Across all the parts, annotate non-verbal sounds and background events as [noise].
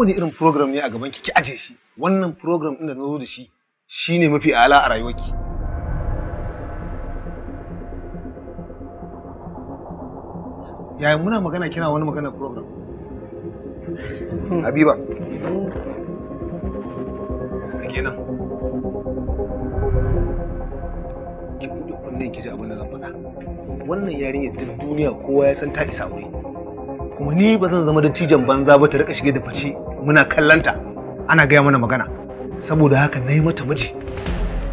kowane irin program ne a gaban ki ki aje shi wannan program ɗin da na zo da shi shine mafi ala a rayuwarki yaya muna magana kina wani magana program habiba kenan ki buɗe kunne ki ji abin da zan faɗa wannan yarinya duk duniya kowa ya san ta isa aure kuma ni ba zan zama dattijan banza ba ta rika shige da fice muna kallanta ana gaya mana magana saboda haka na yi mata miji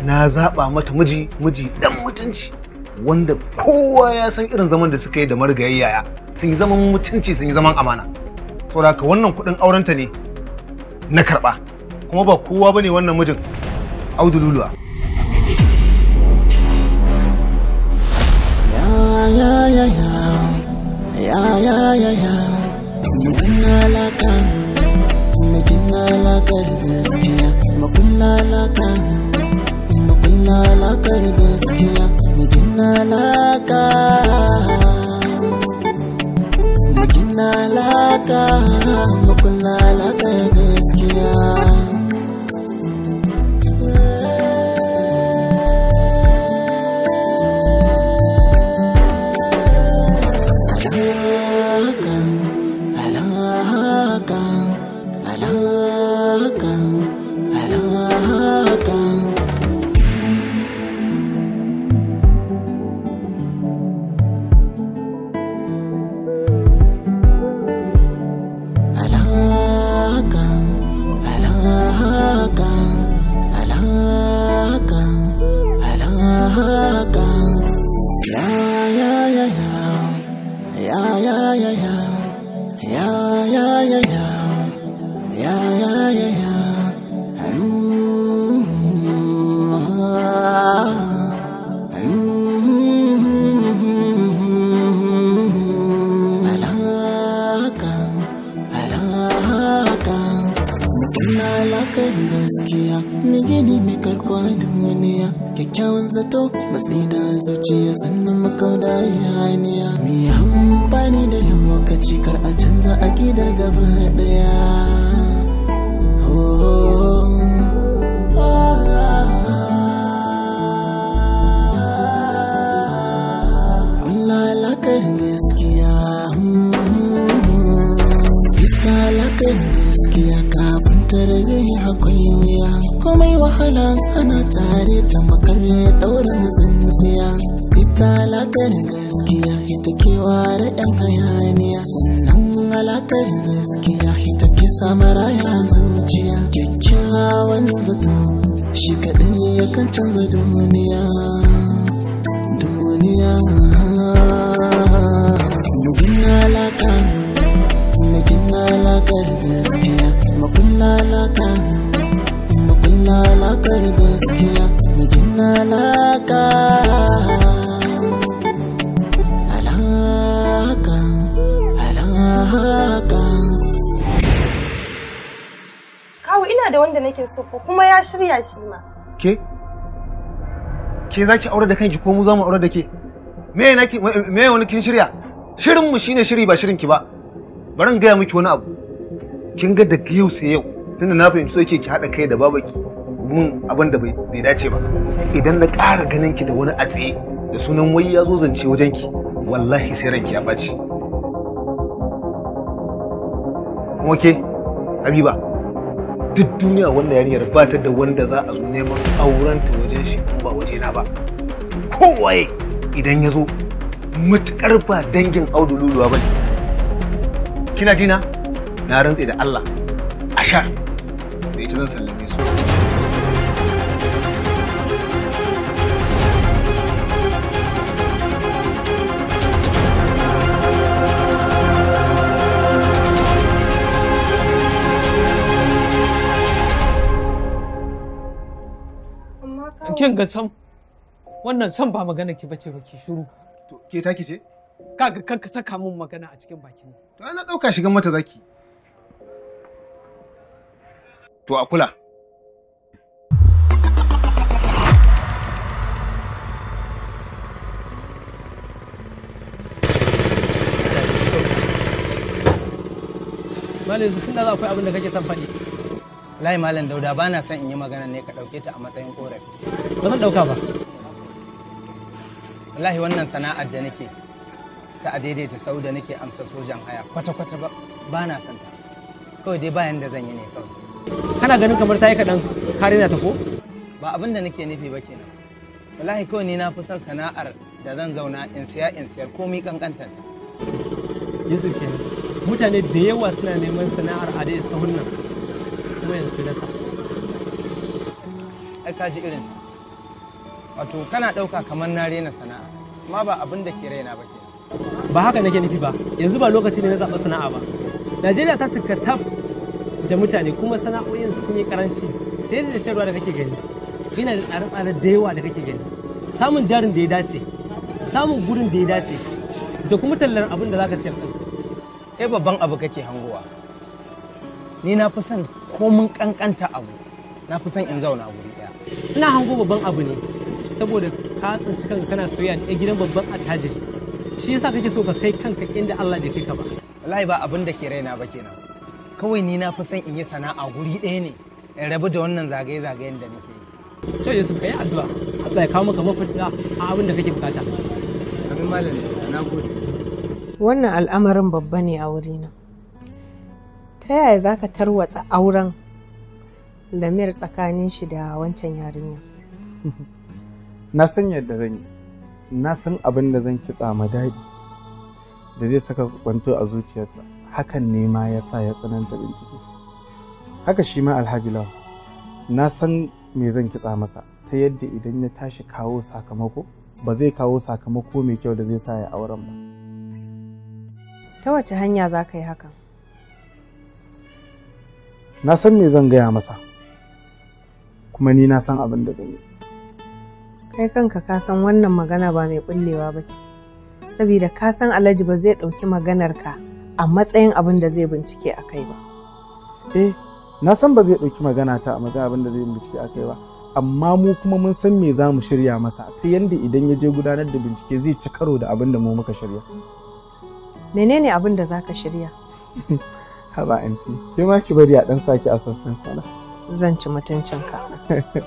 na zaɓa mata miji miji ɗan mutunci wanda kowa ya san irin zaman da suka yi da marigayayya sun yi zaman mutunci sun yi zaman amana saboda haka wannan kuɗin aurenta ne na karɓa kuma ba kowa bane wannan mijin audu yeah, ya ya ya ya ya ya ya alakar gaskiya makulla alaka makulla alakar gaskiya mujin alaka mujin alaka makulla alakar gaskiya zuciya me gini mai karkuwa da duniya kyakkyawan zato matsayi da zuciya sannan makauda ya haniya mai amfani da lokaci kar a canza aƙidar gaba ɗaya kan gaskiya hmm, hmm, hmm. fita lakan gaskiya kafin tarbe akwai wuya komai wahala ana tare ta makar daurin tsintsiya ita alakar gaskiya ita ke ware yan hayaniya sannan alakar gaskiya ita ke samara ya zuciya kyakkyawan zato shi kaɗai yakan canza duniya duniya Mugin alaka, gaskiya makulla alaka makulla alaka da gaskiya mu gina alaka alaka alaka kawo ina da wanda nake so ko kuma ya shirya shi ma ke ke za ki aure da kanki ko mu za mu aure da ke me wani kin shirya Shirinmu mu shine shiri ba shirinki ki ba bari in gaya miki wani abu kin ga daga yau sai yau tunda na fahimci so yake ki haɗa kai da babaki mun abin da bai dace ba idan na ƙara ganin ki da wani a tsaye da sunan wai ya zo zance wajen ki wallahi sai ranki ya ɓaci kuma ke habiba duk duniya wanda yarinyar ba ta da wanda za a zo neman aurenta wajen shi ba waje na ba kowaye idan ya zo matuƙar ba dangin audu luluwa ba kina jina na rantse da Allah a sha da ita zan sallame su kin ga sam wannan sam ba magana ki bace ba ki shuru. to ke taki ce kaga kanka saka min magana a cikin bakin to ana dauka shigan mata zaki to a kula Malam Yusuf, da za akwai abin da kake son faɗi. layi Malam Dauda ba na son in yi magana ne ka ɗauke ta a matsayin ƙorafi. Ba zan ɗauka ba. Wallahi wannan sana'ar da nake ta a daidaita sau da nake amsa sojan haya kwata-kwata ba na son ta. Kawai dai bayan da zan yi ne kawai. kana ganin kamar ta yi kaɗan kare na ta ko ba abin da nake nufi ba kenan wallahi kawai ni na fi son sana'ar da zan zauna in siya in siyar komai kankantar ta yusuf kenan mutane da yawa suna neman sana'ar a dai sahun nan kuma yanzu rasa ai ka ji irin ta wato kana ɗauka kamar na rena sana'a amma ba abin da ke raina ba kenan ba haka nake nufi ba yanzu ba lokaci ne na zaɓa sana'a ba najeriya ta cika tab da mutane kuma sana'o'in sun yi karanci sai da sayarwa da kake gani ina da tsare-tsare da yawa da kake gani samun jarin da ya dace samun gurin da ya dace da kuma tallar abin da za ka sayar ɗin eh babban abu kake hangowa ni na fi son komin kankanta abu na fi son in zauna guri ɗaya. ina hango babban abu ne saboda ka tsinci kanka kana soyayya a gidan babban attajiri shi yasa kake so ka kai kanka inda Allah bai kai ka ba wallahi ba abin da ke raina ba kenan kawai ni na fi son in yi sana'a guri ɗaya ne in rabu da wannan zagaye-zagayen da nake yi to yusuf kai addu'a Allah ya kawo maka mafita a abin da kake bukata Abin malam na gode wannan al'amarin babba ne a wurina ta yaya za ka tarwatsa auren lamir tsakanin shi da wancan yarinya na san yadda zan yi na san abin da zan kitsa ma daɗi da zai saka kwanto a zuciyarsa hakan ne ma ya sa ya tsananta bincike haka shi ma alhaji lawa na san me zan kitsa masa ta yadda idan ya tashi kawo sakamako ba zai kawo sakamako mai kyau da zai sa ya auren ba ta wace hanya za ka yi hakan na san me zan gaya masa kuma ni na san abin da zan yi kai kanka ka san wannan magana ba mai kullewa ba ce saboda ka san alhaji ba zai ɗauki maganarka a matsayin abin da zai bincike a kai ba eh na san ba zai ɗauki magana ta a matsayin abin da zai bincike a kai ba amma mu kuma mun san me za mu shirya masa ta yadda idan ya je gudanar da bincike zai ci karo da abin da mu muka shirya menene abin da za ka shirya [laughs] haba anti ke ma ki bari a ɗan saki a sassan sana zan ci mutuncinka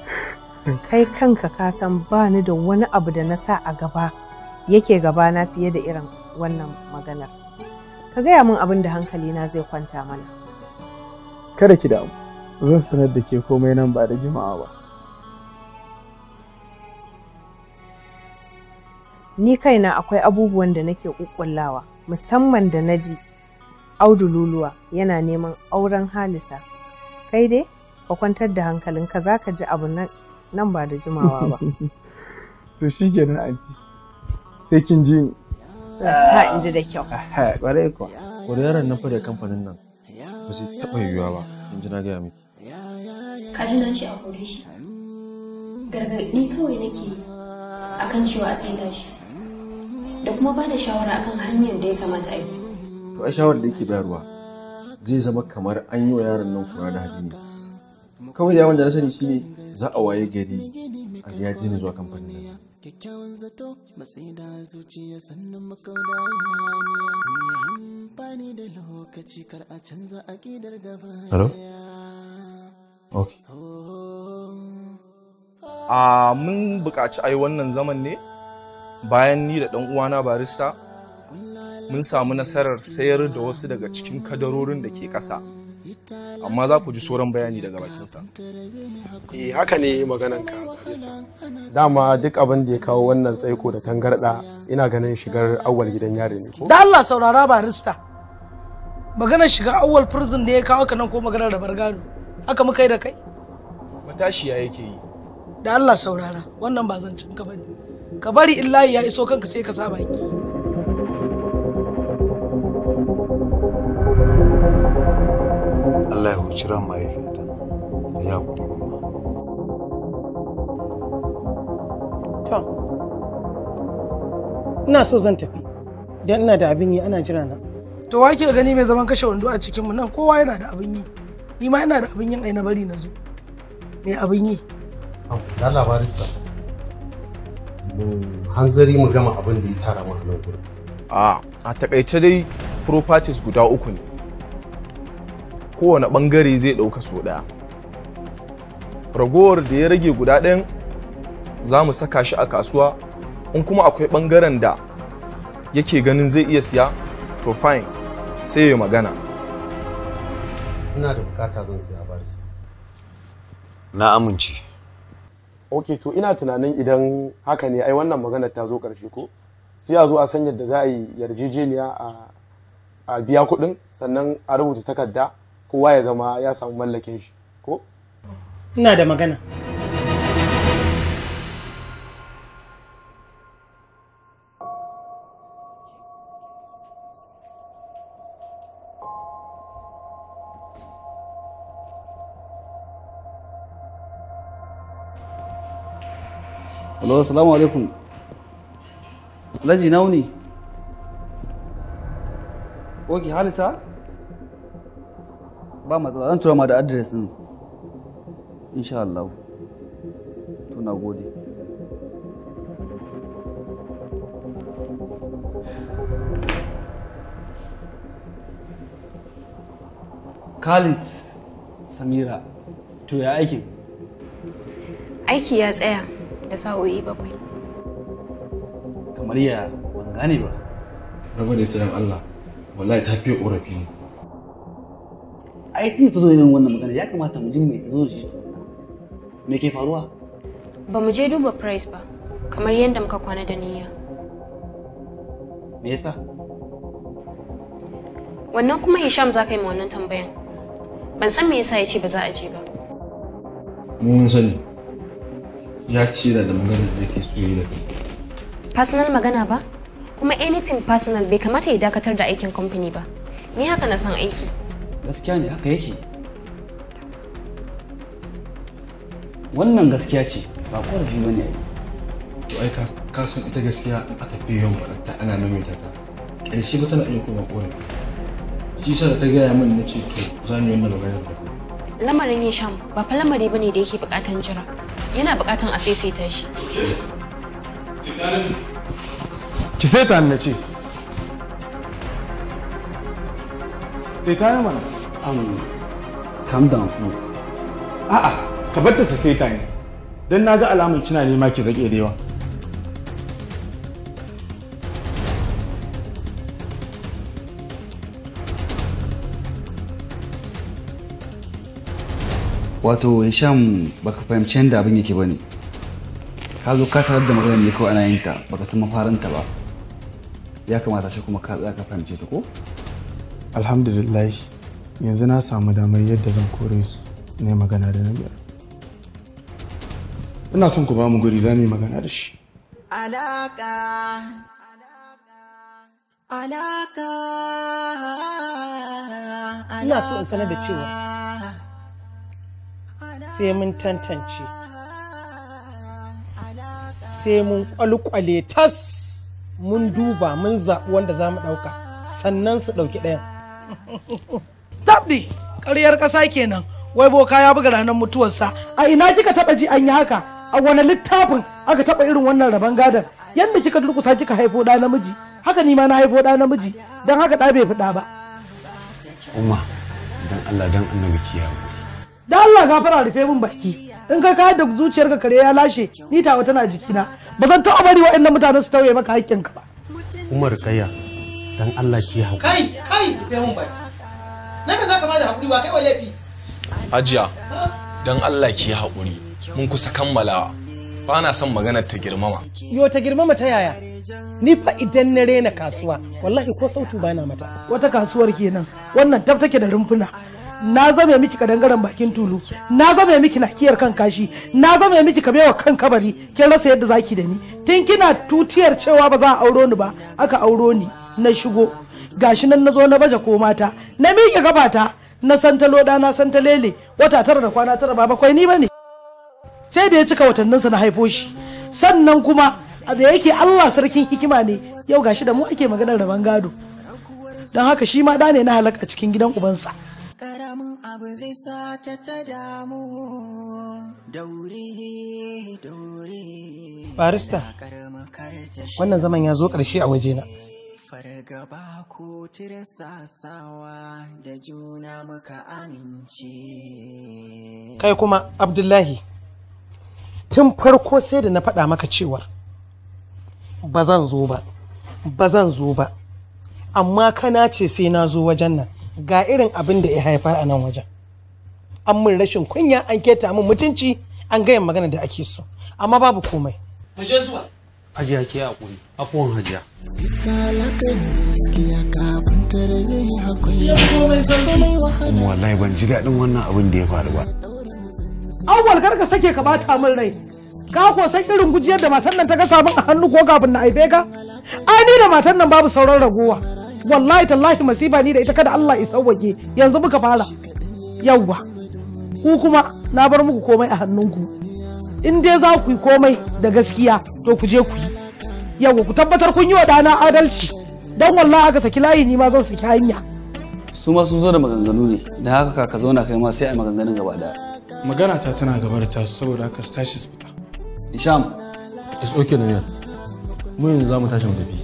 kai kanka ka san ba ni da wani abu da na sa a gaba yake gabana fiye da irin wannan maganar ka gaya min abin da hankalina zai kwanta mana. Kada ki damu, zan sanar da ke komai nan ba da jimawa ba. Ni kaina akwai abubuwan da nake ƙuƙullawa, musamman da na ji Audu Luluwa yana neman auren Halisa. Kai dai, ka kwantar da hankalinka za ka ji abu nan ba da jimawa ba. [laughs] To shi kenan, Anti, sai kin ji sa in ji da kyau ƙwarai kuwa wani yaron nan fada kamfanin nan ba zai taɓa yiwuwa ba in ji na gaya miki ka ji na ce a kore shi gargaɗi kawai nake a kan cewa a saida shi da kuma ba da shawara akan hanyar da ya kamata a yi to a shawarar da yake bayarwa zai zama kamar an yi wa yaron nan kura da hali ne kawai da yawan da na sani shine za a waye gari a ya daina zuwa kamfanin nan kyakkyawan zato matsayi da zuciya sannan makauda haniya mai amfani da lokaci kar a canza aƙidar gaba oh, oh. a mun buƙaci ai wannan zaman ne bayan ni da ɗan uwana barista mun samu nasarar sayar da wasu daga cikin kadarorin da ke ƙasa. amma za ku ji sauran bayani daga bakinsa eh haka ne ka. dama duk abin da ya kawo wannan tsaiko da tangarda ina ganin shigar awwal gidan yare ne ko da Allah saurara barista maganar shiga awwal prison da ya kawo ka nan ko maganar da bargado haka muka yi da kai matashiya yake yi da Allah saurara wannan ba can ka bane ka bari illahi ya iso kanka sai ka sa baki Allah ya huci ran mahaifiyata da ya kuri kuma. To, ina so zan tafi, don ina da abin yi ana jira na. To wa ke gani mai zaman kashe wando a cikinmu nan kowa yana da abin yi, ni ma yana da abin yin aina bari na zo. mai abin yi? da labarin sa. Hanzari mu gama abin da ya tara mu a nan gurin. A, a takaice dai properties guda uku ne. kowane bangare zai ɗauka so ɗaya ragowar da ya rage guda ɗayan za mu saka shi a kasuwa in kuma akwai ɓangaren da yake ganin zai iya siya to fine sai ya magana ina da bukata zan siya ba na amince ok to ina tunanin idan haka ne ai wannan maganar ta zo ƙarshe ko sai a zo a san yadda za a yi yarjejeniya a biya kuɗin sannan a rubuta takarda kowa ya zama ya samu mallakin shi ko ina da magana Allah salamu alaikum. Alhaji nauni. Oke, halisa? ba matsala zan tura ma da adres din insha Allah to na gode Khalid Samira to ya aikin aiki ya tsaya da sa'o'i bakwai kamar ya ban gane ba rabu da tsaron Allah wallahi ta fiye ƙorafi ne ai tun ta zo yin wannan magana ya kamata mu ji mai ta zo shi tukunna me ke faruwa ba mu je duba price ba kamar yadda muka kwana da niyya me yasa wannan kuma Hisham za ka yi ma wannan tambayan ban san me yasa ya ce ba za a je ba mun sani ya ci da magana da yake so yi da personal magana ba kuma anything personal bai kamata ya dakatar da aikin company ba ni haka na san aiki gaskiya ne haka yake wannan gaskiya ce ba ƙorafi ba ne to ai ka san ita gaskiya in aka fi yawan faɗarta ana maimaita ta ƙarshe ba tana iya koma ƙorafi shi sa da ta gaya min na ce to za mu yi wannan magana da lamarin yin sham ba fa lamari bane da yake bukatan jira yana bukatan a saisaita shi ki saita na ce sai ta yi mana um calm down please a'a ka bar ta ta sai ta ne dan na ga alamun kina nema ki zake da yawa wato hisham um, baka fahimci yadda abin yake bane ka zo ka tarar da magana ne kawai ana yin ta baka san ta ba ya kamata shi kuma ka tsaya ka fahimce ta ko alhamdulillah yanzu na samu damar yadda zan kore su ne magana da na biyar ina son ku ba mu guri za mu yi magana da shi alaka alaka ina so in sanar da cewa sai mun tantance sai mun kwalkwale tas mun duba mun zaɓi wanda za mu ɗauka sannan su ɗauki ɗayan tabdi ƙaryar ƙasa kenan wai boka ya buga ranar mutuwarsa a ina kika taɓa ji an yi haka a wani littafin aka taɓa irin wannan rabon gadon yadda kika durkusa kika haifo ɗa namiji haka ni ma na haifo ɗa namiji don haka ɗa bai fiɗa ba. Umma dan Allah dan annabi kiyaye. Dan Allah gafara rufe min baki in ka kayar da zuciyarka kare ya lashe ni tawa tana jikina ba zan taɓa bari waɗannan mutanen su tauye maka haƙƙinka ba. Umar Kayya dan Allah ki haƙuri kai kai ki mun baki na me zaka bada hakuri ba kai wa laifi hajiya dan Allah ki hakuri, mun kusa kammalawa ba na son maganar ta girmama yo ta girmama ta yaya ni fa idan na rena kasuwa wallahi ko sautu bana mata wata kasuwar kenan wannan tab take da rumfuna na zame miki kadangaren bakin tulu na zame miki nakiyar kan kashi na zame miki ka kabewa kan kabari kin rasa yadda zaki da ni tun kina tutiyar cewa ba za a auro ni ba aka auro ni na shigo gashi nan na zo na baje ko mata na miƙe gabata na santalo loda na santalele wata tara da kwana tara ba bakwai ni bane sai da ya cika watanninsa na haifo shi sannan kuma da yake Allah sarkin hikima ne yau gashi da mu ake maganar da gado don haka shi ma da ne na halaka cikin gidan ubansa barista wannan zaman ya zo ƙarshe a wajena Fargaba ko tirsasawa da juna muka amince. Kai kuma Abdullahi, tun farko sai da na faɗa maka cewa ba zan zo ba, ba zan zo ba, amma kana ce sai na zo wajen nan ga irin abin da ya haifar a nan wajen. An min rashin kunya an keta min mutunci an gayan magana da ake so, amma babu komai. Mu je zuwa. hajiya ke a kowan hajiya wallahi ban ji daɗin wannan abin da ya faru ba kar ka sake ka bata min rai ka ko san irin gujiyar da matan nan ta ga min a hannu ko kafin na haife ka ai ni da matan nan babu sauran ragowa wallahi tallahi masiba ni da ita kada Allah ya sauwake yanzu muka fara yawwa ku kuma na bar muku komai a hannunku in dai za ku yi komai da gaskiya to ku je ku yi yawa ku tabbatar kun yi wa ɗana adalci don wallahi aka saki layi ni ma zan saki hanya su ma sun zo da maganganu ne da haka kaka zauna kai ma sai a maganganun gaba da magana ta tana gaba da tasu saboda haka tashi su fita isham is okay na mu yanzu za mu tashi mu tafi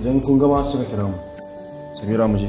idan kun gama suka kira mu samira mu je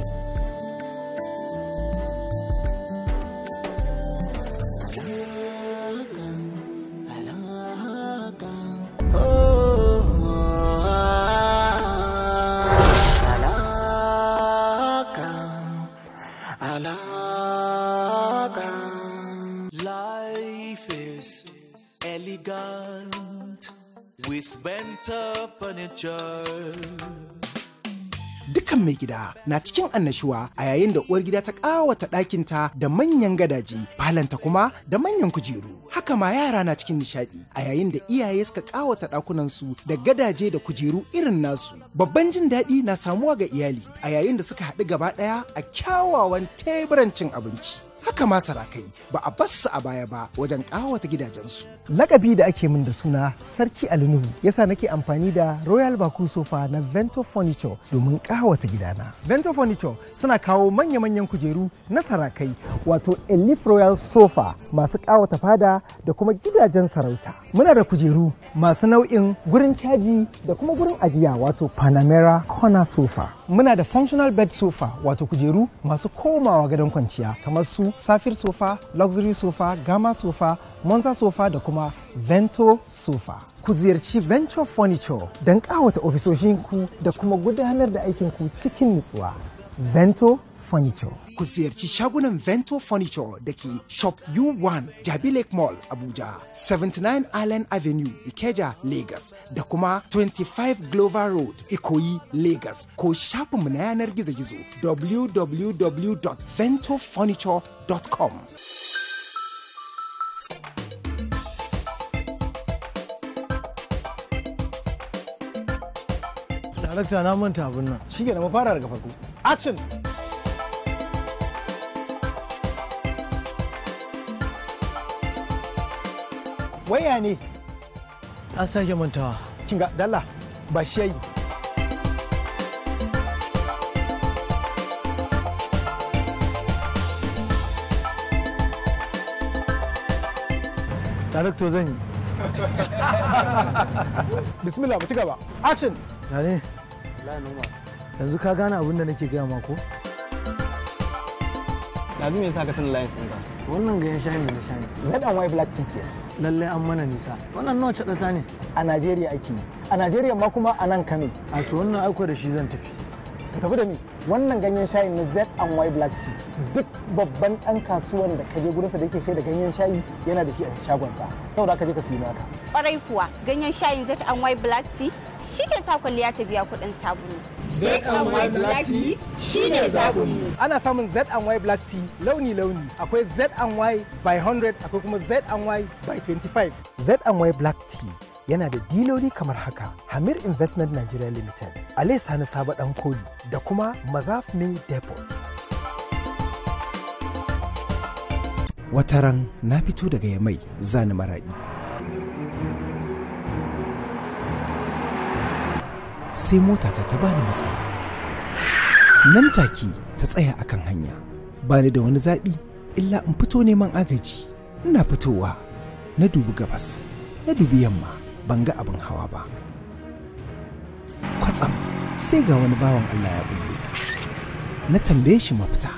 na cikin annashuwa a yayin da uwar gida ta ƙawata ɗakinta da manyan gadaje falanta kuma da manyan kujeru haka ma yara na cikin nishaɗi a yayin da iyaye suka ƙawata ɗakunansu da gadaje da kujeru irin nasu babban jin daɗi na samuwa ga iyali a yayin da suka haɗu gaba ɗaya a kyawawan teburan cin abinci haka ma sarakai ba a su a baya ba wajen ƙawata gidajensu. Lakabi da ake min da suna Sarki Alinuhu yasa nake amfani da Royal Baku Sofa na Vento Furniture domin ƙawata gidana. Vento Furniture suna kawo manya-manyan kujeru na sarakai wato elif Royal Sofa masu ƙawata fada da kuma gidajen sarauta. Muna da kujeru masu nau'in gurin caji da kuma gurin ajiya wato Panamera Corner Sofa. muna da functional bed sofa wato kujeru masu komawa gadon kwanciya kamar su safir sofa luxury sofa gama sofa monza sofa da kuma vento sofa ku ziyarci venture furniture don ƙawata ofisoshinku da kuma gudanar da aikinku cikin nutsuwa vento furniture ku ziyarci shagunan Vento Furniture da ke Shop U1 Jabi Lake Mall Abuja, 79 Island Avenue Ikeja Lagos da kuma 25 Glover Road Ikoyi Lagos ko shafinmu na yanar gizo-gizo www.ventofurniture.com. Darakta na manta abin nan. Shi mu fara daga farko. Action! waya ne an sake mantawa kinga dalla ba shi yayi Darakto zan yi. [laughs] Bismillah ba ci gaba. Action. Yanzu ka gane abin da nake gaya ma ko? yanzu me yasa ka tuna layin sun wannan ga sha ne na sha ne wai black tea lalle an mana nisa wannan nawa ce kasa ne a Najeriya ake ne a Najeriya ma kuma a nan Kano a su wannan aiko da shi zan tafi ka tafi da ni wannan ganyen shayi na Z and Y black tea duk babban ɗan kasuwan da kaje gurinsa da yake sai da ganyen shayi yana da shi a shagonsa saboda ka je ka siyi naka kwarai kuwa ganyen shayi Z and Y black tea shi ke sa kwalliya ta biya kuɗin sabulu. ZY Black Tea shi ne Ana samun ZY Black Tea launi-launi akwai ZY by 100 akwai kuma ZY by 25. ZY Black Tea yana da diloli kamar haka Hamir Investment Nigeria Limited, Ale Sani Sabo Dan Koli da kuma Mazaf Mill Depot. Wataran na fito daga Yamai zani maraɗi. sai motata ta bani matsala nan take ta tsaya akan hanya bani da wani zaɓi illa in fito neman agaji ina fitowa na dubi gabas na dubi yamma ban ga abin hawa ba kwatsam sai ga wani bawan allah ya bude na tambaye shi mafita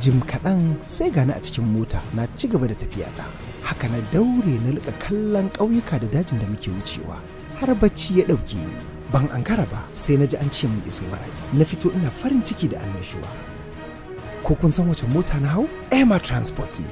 jim kaɗan sai gani a cikin mota na ci gaba da tafiyata haka na daure na liƙa kallon ƙauyuka da dajin da muke wucewa har bacci ya ɗauke ni ban ankara ba sai na ji an ce min iso maraki na fito ina farin ciki da annashuwa ko kun san wace mota na hau ema transport ne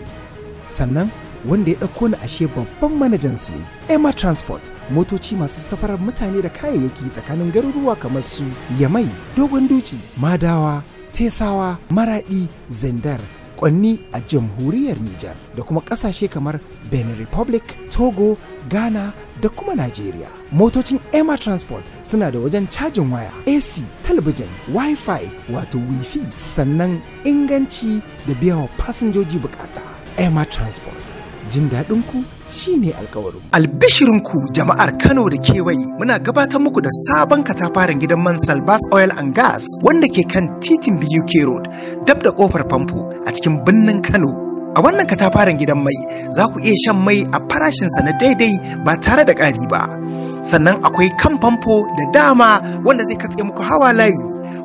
sannan wanda ya ɗauko ni ashe babban manajan su ne ema transport motoci masu safarar mutane da kayayyaki tsakanin garuruwa kamar su yamai dogon duci madawa tesawa maraɗi zindar makonni a jamhuriyar Nijar da kuma ƙasashe kamar Benin Republic, Togo, Ghana da kuma Najeriya. Motocin Emma Transport suna da wajen cajin waya, AC, talabijin, Wi-Fi wato Wi-Fi sannan inganci da biyawa fasinjoji bukata. Emma Transport jin daɗin shi shine alkawarin. Albishirin ku jama'ar Kano da kewaye muna gabatar muku da sabon katafaren gidan man Salbas Oil and Gas wanda ke kan titin BUK Road dab da kofar famfo a cikin birnin Kano. A wannan katafaren gidan mai za ku iya shan mai a farashinsa na daidai ba tare da ƙari ba. Sannan akwai kan famfo da dama wanda zai katse muku hawa layi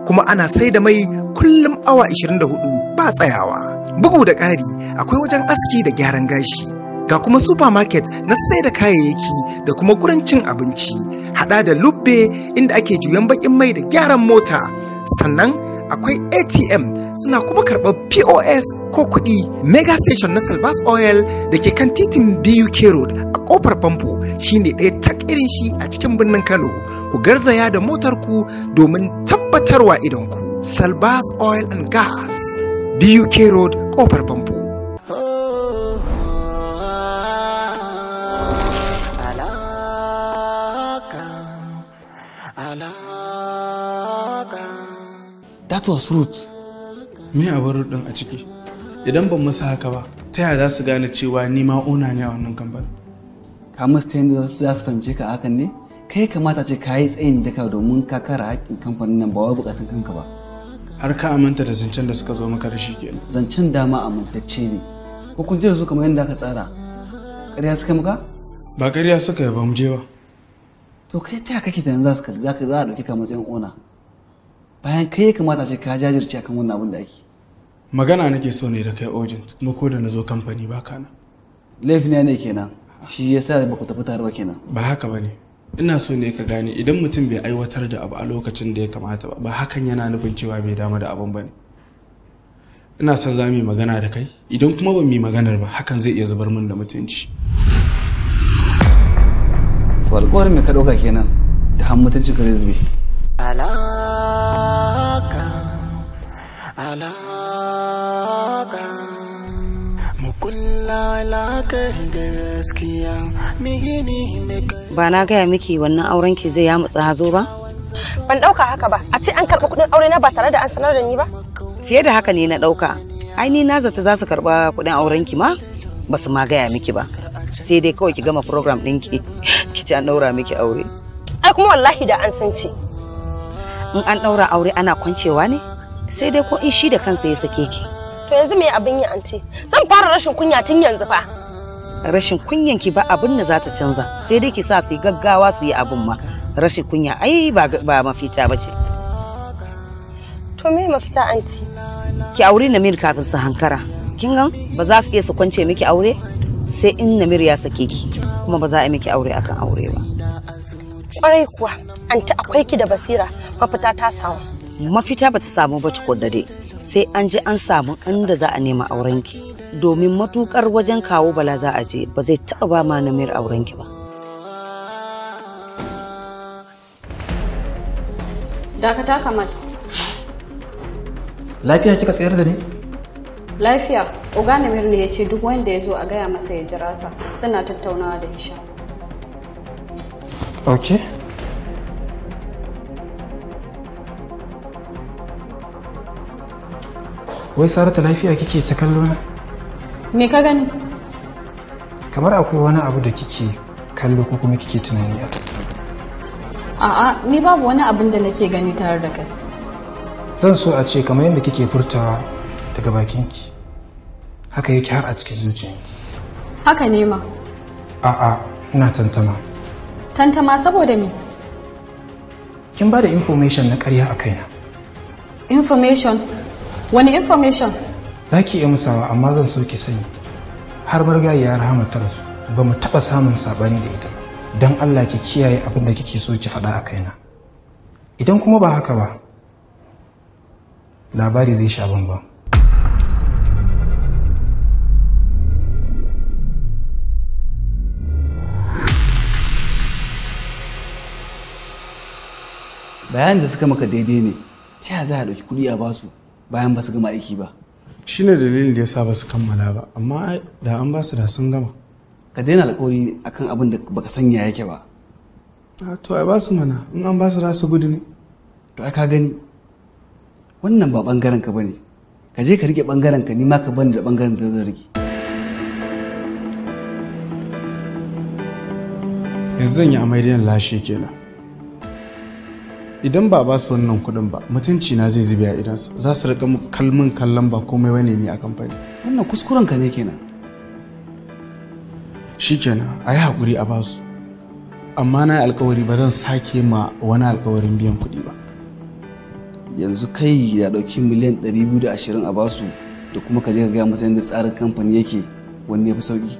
kuma ana sai da mai kullum awa 24 ba tsayawa. Bugu da ƙari akwai wajen aski da gyaran gashi ga kuma supermarket na sai da kayayyaki da kuma gurin cin abinci hada da lube inda ake juyan bakin mai da gyaran mota sannan akwai atm suna kuma karɓar pos ko kuɗi mega station na salvas oil da ke kan titin buk road a kofar famfo shine ɗaya tak irin shi a cikin birnin kano ku garzaya da motarku domin tabbatarwa idan ku salvas oil and gas buk road ƙofar famfo that was root me a bar din a ciki idan ban masa haka ba ta yaya za su gane cewa ni ma ona ne a wannan kamfanin ka musu ta yadda za su fahimce ka hakan ne kai kamata ce ka yi tsayin daka domin ka kara haƙƙin kamfanin nan ba wai bukatun kanka ba har ka aminta da zancen da suka zo maka da shi kenan zancen dama amintacce ne hukunci da su kamar yadda aka tsara ƙarya suka maka ba ƙarya suka yi ba mu je ba to kai ta kake da yanzu za ka za a ɗauki kamar tsayin ona bayan kai ya kamata ce ka jajirce akan wannan abin da ake magana nake so ne da kai urgent kuma ko da na zo kamfani ba kana laifina ne kenan shi yasa ba ku tafi tare ba kenan ba haka bane ina so ne ka gane idan mutum bai aiwatar da abu a lokacin da ya kamata ba ba hakan yana nufin cewa bai dama da abin bane ina son za mu yi magana da kai idan kuma ban yi maganar ba hakan zai iya zubar min da mutunci to mai me ka ɗauka kenan da han mutuncin ka zai gaskiya ba na gaya miki wannan auren ki zai ya mutsa hazo ba ban dauka haka ba a ce an karba kuɗin aure na ba tare da an sanar da ni ba fiye da haka ne na dauka ai ni na zata za su karɓa kuɗin auren ki ma ba su ma gaya miki ba sai dai kawai ki gama program din [laughs] ki ci an daura miki aure ai kuma wallahi da an san ce in an daura aure ana kwancewa ne sai dai ko in shi da kansa ya sake ki to yanzu me abin yi anti zan fara rashin kunya tun yanzu fa rashin kunyan ki ba abin da za ta canza sai dai ki sa su yi gaggawa su yi abin ma rashin kunya ai ba mafita ba ce to me mafita anti ki aure namir kafin su hankara kin gan ba za su iya su kwance miki aure sai in namir ya sake ki kuma ba za a yi miki aure akan aure ba kwarai kuwa anti akwai ki da basira mafita ta samu mafita ba ta samu ba tukunna dai sai an ji an samu inda za a nema aurenki domin matukar wajen kawo bala za a je ba zai taɓa ba ma namir aurenki ba. Dakata kamar. Lafiya kika tsayar da ni? Lafiya, Oga Namir ne ya ce duk wanda ya zo a gaya masa ya jira sa suna tattaunawa da Isha. Ok. wai sarata lafiya kike ta kallo na me ka gani kamar akwai wani abu da kike kallo ko kuma kike tunani a a'a ni babu wani abin da nake gani tare da kai zan so a ce kamar yadda kike furtawa daga bakinki haka yake har a cikin zuciyanki haka ne ma a'a ina tantama tantama saboda me kin ba da information na ƙarya a kaina information wani information za ki iya musawa amma zan so ki sani har bargayi ya rahama ta rasu ba mu taɓa samun saɓani da ita don Allah ki kiyaye abin da kike so ki faɗa a kaina idan kuma ba haka ba labari zai sha bambam bayan da suka maka daidai ne ta za a ɗauki kuɗi a basu bayan ba su gama aiki ba shine dalilin da ya sa ba su kammala ba amma da an ba su da sun gama ka daina alkawari akan abin da baka sanya yake ba a to ai ba su mana in an ba su da su gudu ne to ai ka gani wannan ba bangaren ka bane ka je ka rike bangaren ka ni ma ka bani da bangaren da zan rike yanzu zan yi amai da lashe kenan idan ba ba su wannan kuɗin ba mutunci na zai zube a idan za su rika kalmin kallon ba komai wani ne a kamfani wannan kuskuren ka ne kenan shikenan a yi haƙuri a basu amma na alkawari ba zan sake ma wani alkawarin biyan kuɗi ba yanzu kai da ɗauki miliyan 220 a basu da kuma ka je ka gaya masa yadda tsarin kamfani yake wani ya fi sauki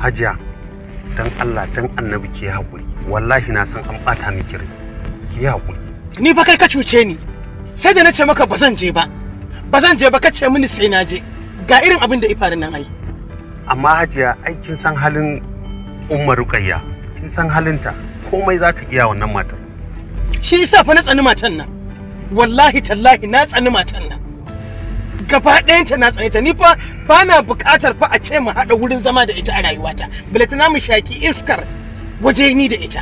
hajiya dan Allah dan annabi ki haƙuri wallahi na san an bata miki rai ki haƙuri ni fa kai ka cuce ni sai da na ce maka ba zan je ba ba zan je ba ka ce mini sai na je ga irin abin da ifarin nan ai amma hajiya ai kin san halin Umar ruqayya kin san halinta komai za ta iya wannan matar shi isa fa na tsani matan nan wallahi tallahi na tsani matan nan gaba ɗayanta na ta, ni fa ba na buƙatar fa a ce mu haɗa wurin zama da ita a rayuwata na mu shaki iskar waje ni da ita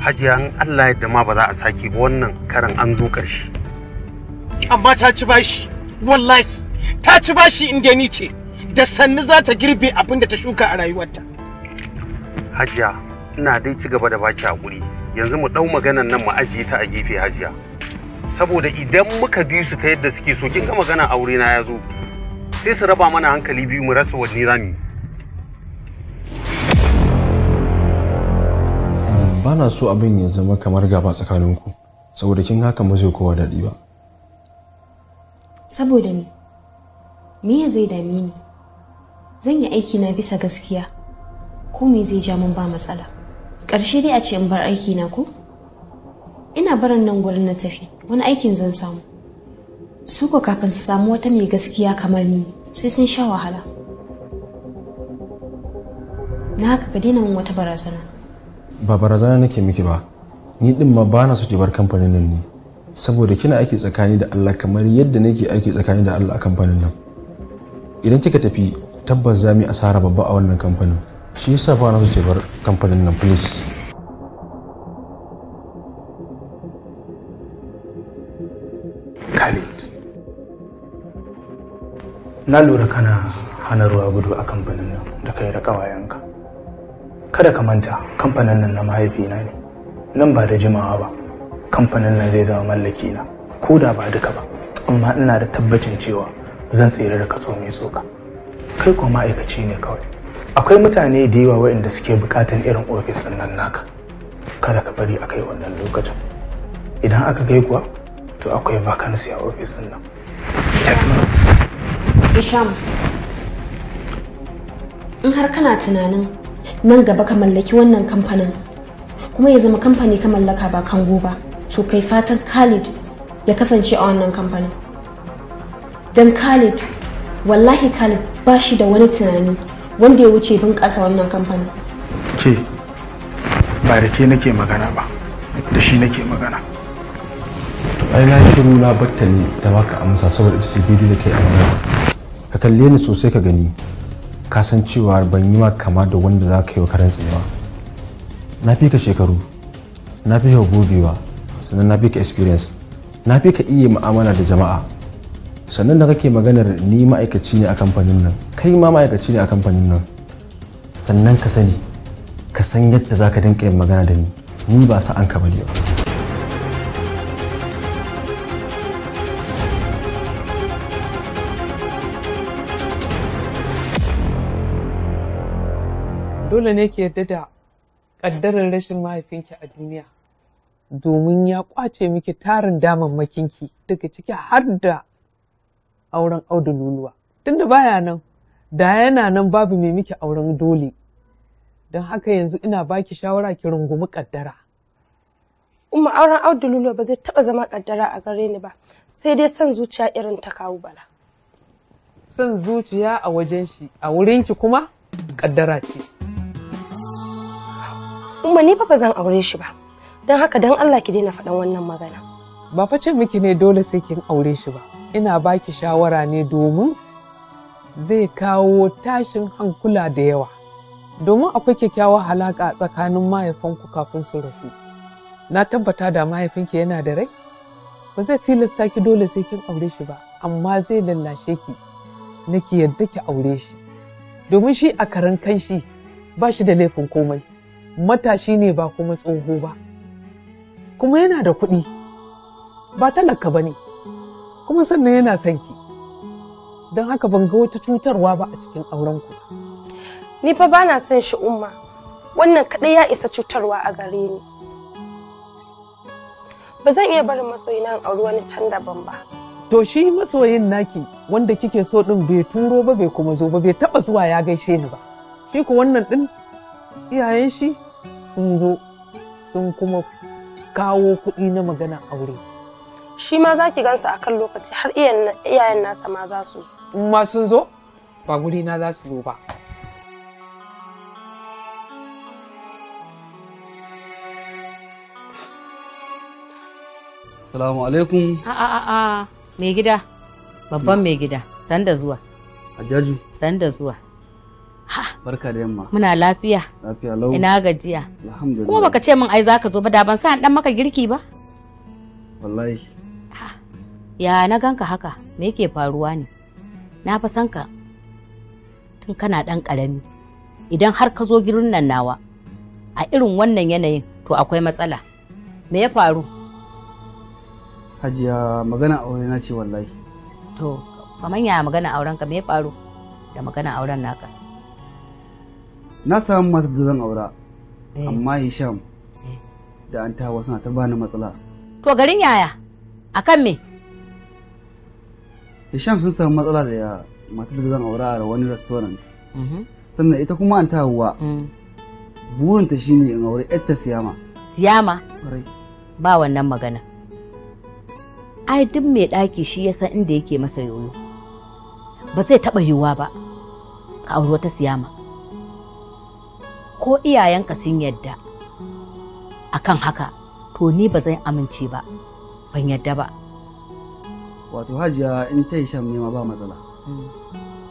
hajiya in allah yadda ma ba za a saki ba wannan karan an zo ƙarshe amma ta ci bashi wallahi ta ci bashi inda ni ce da sannu za ta girbe abin da ta shuka a rayuwarta hajiya ina dai ci gaba da baki a guri yanzu mu ɗau maganan nan mu ajiye ta a gefe hajiya saboda idan muka bi su ta yadda suke so kin ga magana aure na ya zo sai su raba mana hankali biyu mu rasa wanne zamu ba na so abin ya zama kamar gaba tsakaninku saboda kin haka mu zai kowa daɗi ba saboda ni me ya zai dame ni zan yi aiki na bisa gaskiya ko me zai ja mun ba matsala ƙarshe dai a ce in bar aiki na ko ina barin nan gurin na tafi wani aikin zan samu su ko kafin su samu wata mai gaskiya kamar ni sai sun sha wahala na haka ka daina min wata barazana ba barazana nake miki ba ni din ma ba na bar kamfanin nan ne saboda kina aiki tsakani da Allah kamar yadda nake aiki tsakani da Allah a kamfanin nan idan kika tafi tabbas za mu asara babba a wannan kamfanin shi yasa ba na bar kamfanin nan please Khalid. Na lura kana hana ruwa gudu a kamfanin nan da kai da ƙawayenka. Kada ka manta kamfanin nan na mahaifina ne. Nan ba da jimawa ba. Kamfanin nan zai zama mallaki na. Ko da ba duka ba. Amma ina da tabbacin cewa zan tsere da kaso mai tsoka. Kai kuma ma'aikaci ne kawai. Akwai mutane da yawa waɗanda suke buƙatar irin ofis nan naka. Kada ka bari a kai wannan lokacin. Idan aka kai kuwa to akwai vacancy a ofisin nan isham in har kana tunanin nan gaba ka mallaki wannan kamfanin kuma ya zama kamfani ka mallaka ba kango ba to kai fatan khalid ya kasance a wannan kamfanin don khalid wallahi khalid ba shi da wani tunani wanda ya wuce bunƙasa wannan kamfanin ke ba da ke nake magana ba da shi nake magana ai na shiru na batta ne da baka amsa saboda ita ce daidai da kai a ka kalle ni sosai ka gani ka san cewa ban yi ma kama da wanda za ka yi wa karen tsayawa na fi ka shekaru na fi ka gobewa sannan na fi ka experience na fi ka iya mu'amala da jama'a sannan da kake maganar ni ma'aikaci ne a kamfanin nan kai ma ma'aikaci ne a kamfanin nan sannan ka sani ka san yadda za ka dinka yin magana da ni ni ba an ka bane ba dole ne ki yarda da ƙaddarar rashin mahaifinki a duniya domin ya kwace miki tarin makinki daga ciki har da auren audu luluwa tunda baya nan da yana nan babu mai miki auren dole don haka yanzu ina baki shawara ki rungumi ƙaddara kuma auren audu luluwa ba zai taɓa zama ƙaddara a gare ni ba sai dai son zuciya irin ta kawo bala son zuciya a wajen shi a wurin ki kuma ƙaddara ce Umma ni fa ba zan aure shi ba. Don haka don Allah ki daina faɗan wannan magana. Ba fa ce miki ne dole sai kin aure shi ba. Ina baki shawara ne domin zai kawo tashin hankula da yawa. Domin akwai kyakkyawar halaƙa tsakanin mahaifanku kafin su rasu. Na tabbata da mahaifinki yana da rai? Ba zai tilasta ki dole sai kin aure shi ba, amma zai lallashe ki. Naki yadda ki aure shi. Domin shi a karan kanshi ba shi da laifin komai. matashi ne ba kuma tsoho ba kuma yana da kuɗi ba talaka ba ne kuma sannan yana sanki. ki don haka ban ga wata cutarwa ba a cikin aurenku ni fa bana son shi umma wannan kaɗai ya isa cutarwa a gare ni ba zan iya barin masoyina a auri wani can daban ba to shi masoyin naki wanda kike so din bai turo ba bai kuma zo ba bai taba zuwa ya gaishe ni ba shi ku wannan din iyayen shi sun zo sun kuma kawo kuɗi na magana aure shi ma za ki gansa a kan lokaci har iyayen nasa ma za su zo in ma sun zo ba guri na za su zo ba Salamu alaikum. A a a a mai gida babban mm. mai gida sanda zuwa. Ajaju. Sanda zuwa. Barka da yamma. Muna lafiya. Lafiya lau. Ina gajiya. Alhamdulillah. Kuma baka ce min ai zaka zo ba da ban sa dan maka girki ba? Wallahi. Ya na ganka haka me yake faruwa ne? Na fa san ka tun kana dan karami. Idan har ka zo girin nan nawa a irin wannan yanayin to akwai matsala. Me ya faru? Hajiya magana aure na ce wallahi. To, kamar ya magana auren ka me ya faru da magana auren naka? na samu matar da zan aura eh. amma hisham eh. da an tawa suna ta bani matsala to garin yaya akan me hisham sun samu matsala da mata da zan aura a wani restaurant mhm. sannan ita kuma an tawa mm. burinta shi ne in aure yarta siyama siyama ba wannan magana ai duk mai ɗaki shi ya san inda yake masa yoyo ba zai taɓa yiwuwa ba ka auri wata siyama ko iyayenka sun yadda akan haka to ni ba zan amince ba ban yadda ba wato hajiya in ta yi shan nema ba matsala hmm.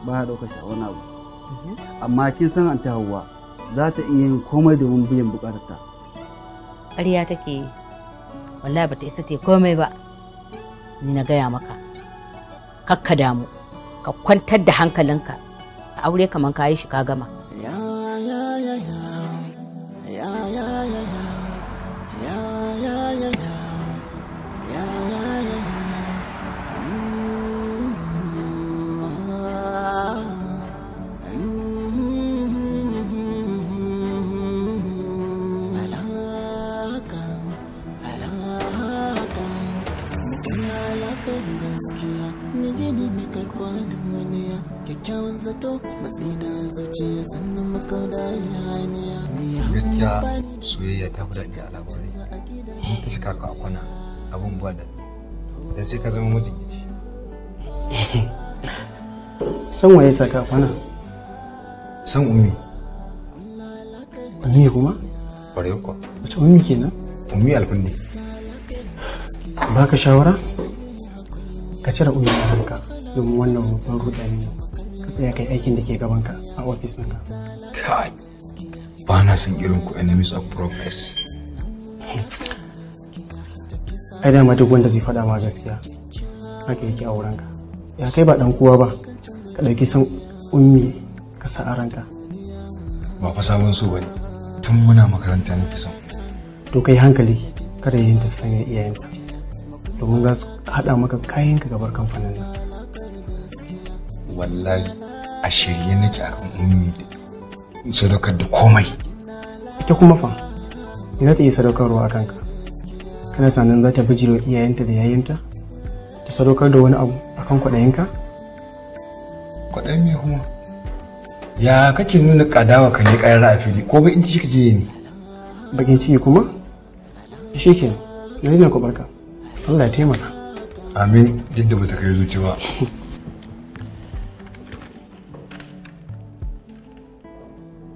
ba ya ɗauka wani abu mhm. amma kin san an ta hawa za ta iya yin komai domin biyan bukatar ta ƙarya take wallahi ba ta isa ce komai ba ni na gaya maka kakka damu ka kwantar da hankalinka a aure kaman ka yi shi ka gama gaskiya menene mai karkuwa da waniya kyakkyawan zato matsayi da zuciya sannan makauda ya haniya gaskiya soyayya ta fi daɗi al'amari in ta saka ka kwana abin buwa da da sai ka zama majinyaci [laughs] san waye saka kwana san umi ummi kuma ƙwarai kuwa wata ummi kenan ummi alfin ne ba ka shawara ka cire da ranka domin wannan mutum rudani ne ka tsaya kai aikin da ke gabanka a ofis ka. kai ba na son irin ku enemies of progress ai dama duk wanda zai faɗa ma gaskiya haka yake a wurinka ya kai ba ɗan kowa ba ka ɗauki san ummi ka sa a ranka ba fa sabon so bane tun muna makaranta fi son to kai hankali kada yin ta sanya iyayensa domin za su haɗa maka kayan ka gabar kamfanin nan wallahi a shirye nake akan ummi da sadaukar da komai ita kuma fa ina ta iya sadaukarwa a kanka kana tunanin za ta bijiro iyayenta da yayinta ta sadaukar da wani abu akan kwaɗayinka kwaɗayin me kuma ya kake nuna kadawa ka ne ƙarar a fili ko bai in ci kake ne bakin ciki kuma shi ke na yi na kubarka Allah ya taimaka amin duk da bata kai zuciya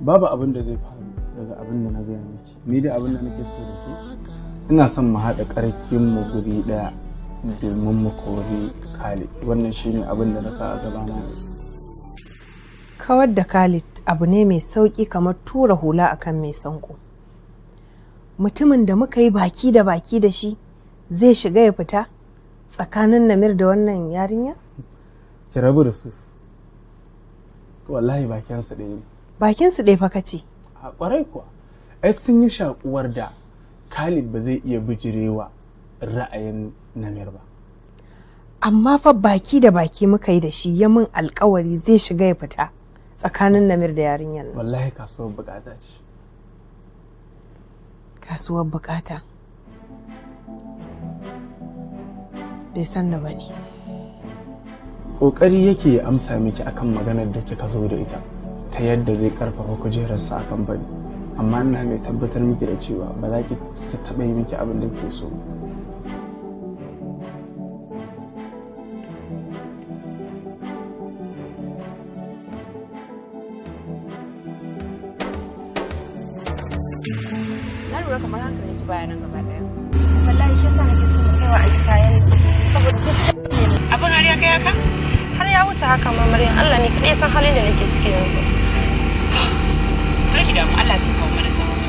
ba babu abin da zai faru daga abin da na gaya miki ni da abin da nake so da ku ina son mu haɗa ƙarfin mu guri ɗaya domin mu kori Khalid wannan shine abin da na sa a gaba na kawar da Khalid abu ne mai sauƙi kamar tura hula akan mai sanko mutumin da muka yi baki da baki da shi zai shiga ya fita tsakanin namir da wannan yarinya? ki rabu da su wallahi bakinsu ɗaya ne bakinsu ɗaya fa kace a ƙwarai kuwa ai sun yi shakuwar da kalib ba zai iya bijirewa ra'ayin namir ba amma fa baki da baki muka yi da shi ya min alkawari zai shiga ya fita tsakanin namir da yarinyar wallahi kasuwar bukata ce kasuwar bukata bai san ni bane kokari yake ya amsa miki akan maganar da kika zo da ita ta yadda zai ƙarfafa kujerarsa akan bari amma ina mai tabbatar miki da cewa ba za ki su taɓa yi miki abin da ke so na lura kamar haka ne bayanan gaba Allah ne kaɗai san halin da nake ciki yanzu. Barki da Allah zai kawo mana sauki.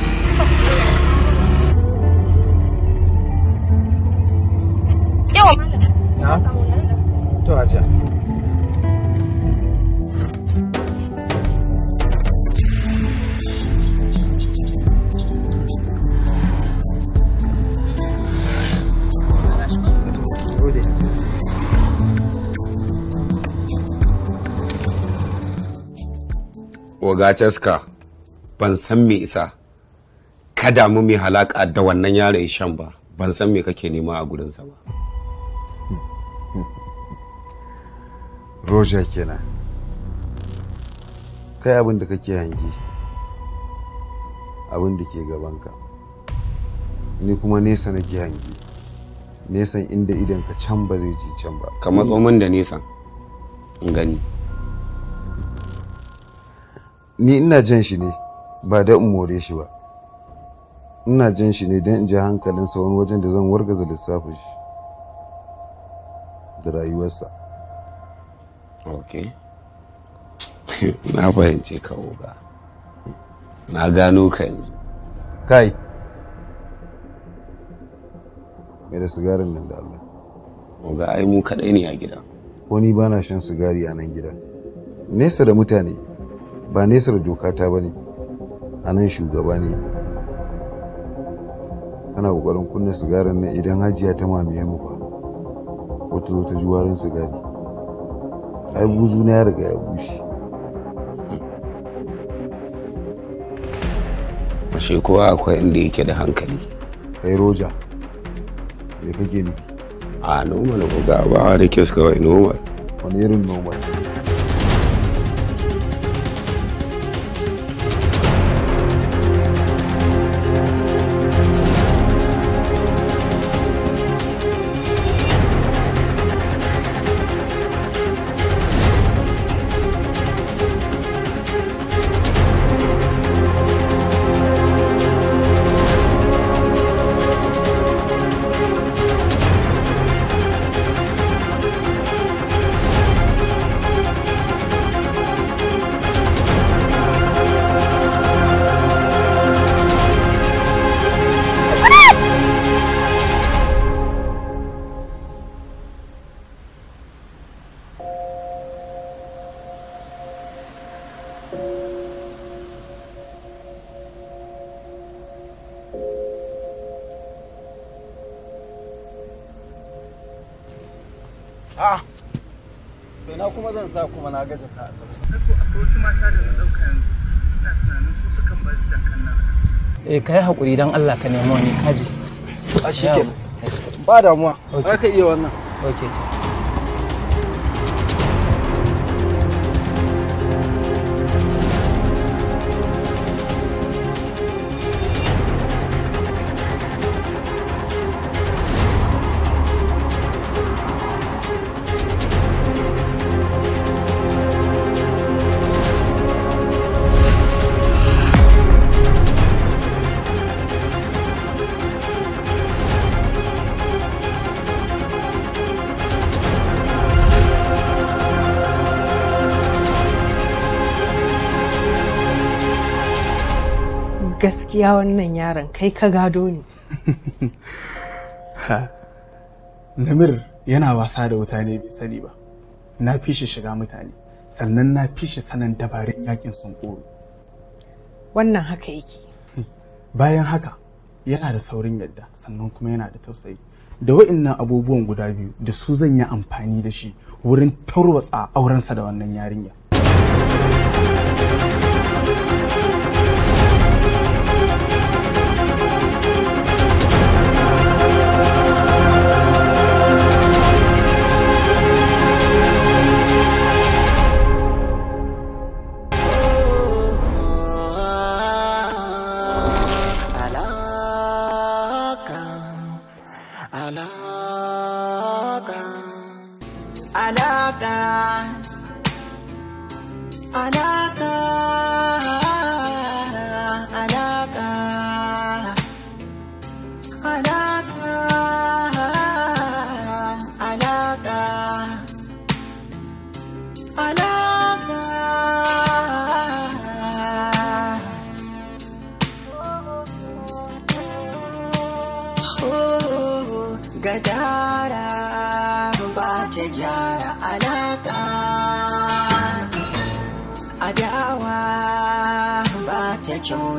yawa malam na to a ogaceska ban san me isa ka damu mai halaka da wannan yaron shan ba ban san me kake nema a gurinsa ba roja kenan kai abin da kake hangi abin da ke gabanka ni kuma nesa nake hangi nesan inda idan ka can ba zai ji can ba ka matso min da nesan in gani ni ina jan shi ne ba da in more shi ba ina jan shi ne don in ji hankalinsa wani wajen da zan wargaza lissafin shi da rayuwarsa ok [laughs] na fahimce ka ga na gano ka yanzu kai mai da sigarin nan da Allah oga ai mu kadai ne a gida ko ni ba na shan sigari a nan gida nesa da mutane ba nesar jokata ba ne a nan shugaba ne kana kokarin kunna sigarin nan idan hajiya ta mamaye mu ba wata zo ta ji warin sigari ai buzu na ya riga ya bushe ashe kuwa akwai inda yake da hankali kai roja me kake nufi a normal ga ba da kes kawai normal wani irin normal ka hakuri haƙuri don Allah ka nema wani kaji. A shi ba damuwa, ba ka iya wannan. Okay. gaskiya wannan yaron kai ka gado ne namir yana wasa da wuta ne bai sani ba na fi shi shiga mutane sannan na fi shi sanin dabarun yakin sun koro wannan haka yake hmm. bayan haka yana da saurin yadda sannan kuma yana da tausayi da wa'innan abubuwan guda biyu da su zan yi amfani da shi wurin tarwatsa aurensa da wannan yarinya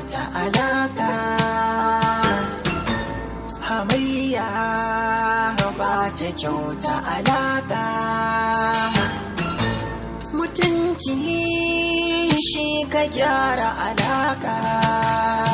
Ta alaka hamayya ba ta kyauta alaka mutunci shi ka gyara alaka